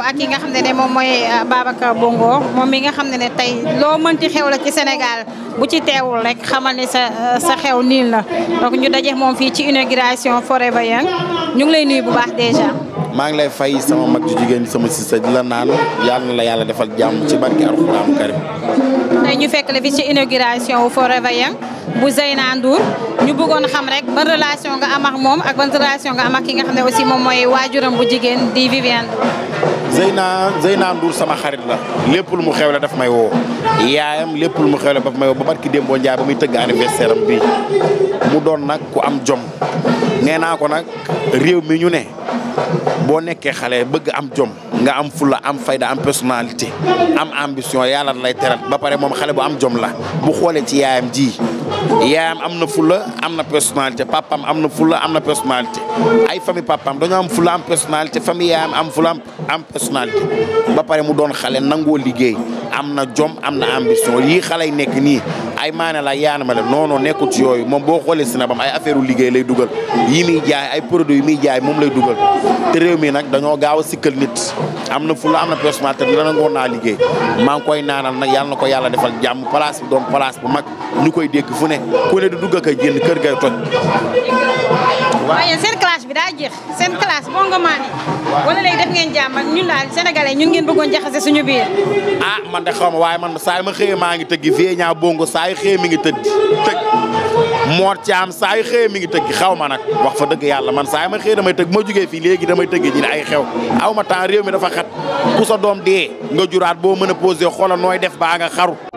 taxaw ak nga xam ne ne moom mooy euh, Babacar Bongo moom mi nga xam ne ne tey loo mënti xew la ci Sénégal bu ci teewul rek xamal ne sa euh, sa xew niil la donc ñu daje moom fii ci inauguration Forever Young ñu ngi lay nuyu bu maa ngi lay fay sama mag ju jigéen sama sista di la naan la yàlla defal jàmm ci barki alxuraan ñu fekk la fi ci inauguration wu Forever Young bu Zeyna ñu bëggoon xam rek ban relation nga am moom ak ban relation nga am ak ki nga xam ne aussi moom mooy waajuram bu jigéen di Viviane Zeyna Zeyna Ndour sama xarit la lépp lu mu xew la daf may woo yaayam lépp lu mu xew la daf may woo ba barki Dembo Ndiaye ba muy tëgg anniversaire am bii mu doon nag ku am jom nee naa ko nag réew mi ñu ne boo nekkee xale bëgg am jom nga am fula am fayda am personnalité am ambition yàlla lay teral ba pare moom xale bu am jom la bu xoolee ci yaayam ji yaayam am na fula am na personnalité papam am na fula am na personnalité ay famille papam dañoo am fula am personnalité famille yaayam am fula am personnalité ba pare mu doon xale nangoo liggéey am na jom am na ambition yii xale yi nekk nii ay maana la yaana ma la non non yooyu moom boo xoolee Sénégal ay affaire u liggéey lay dugal yi mi jaay ay produit yi muy jaay moom lay dugal te réew mi nag dañoo gaaw a sikkal nit am na fula am na personnalité te dana ngoon naa liggéey maa koy naanal nag yàlla na ko yàlla defal jàmm place bi fu ne ku ne du dugg ak a kër gay toj. waaye seen classe bi daa jeex seen classe boo nga maane wala léegi def ngeen jàmm ak ñun daal sénégalais ñun ngeen bëggoon jaxase suñu biir. ah man de xaw ma waaye man saa yi ma xëyee maa ngi tëgg Vénia Bongo saa yi mi ngi tëgg tëgg Mor saa yi xëyee mi ngi tëgg xaw ma nag wax fa dëgg yàlla man saay ma xëyee damay tëgg ma jugee fii léegi damay tëggi ji ay xew aw ma temps réew mi dafa xat ku sa doom dee nga juraat boo mën a posé xoolal nooy def baa nga xaru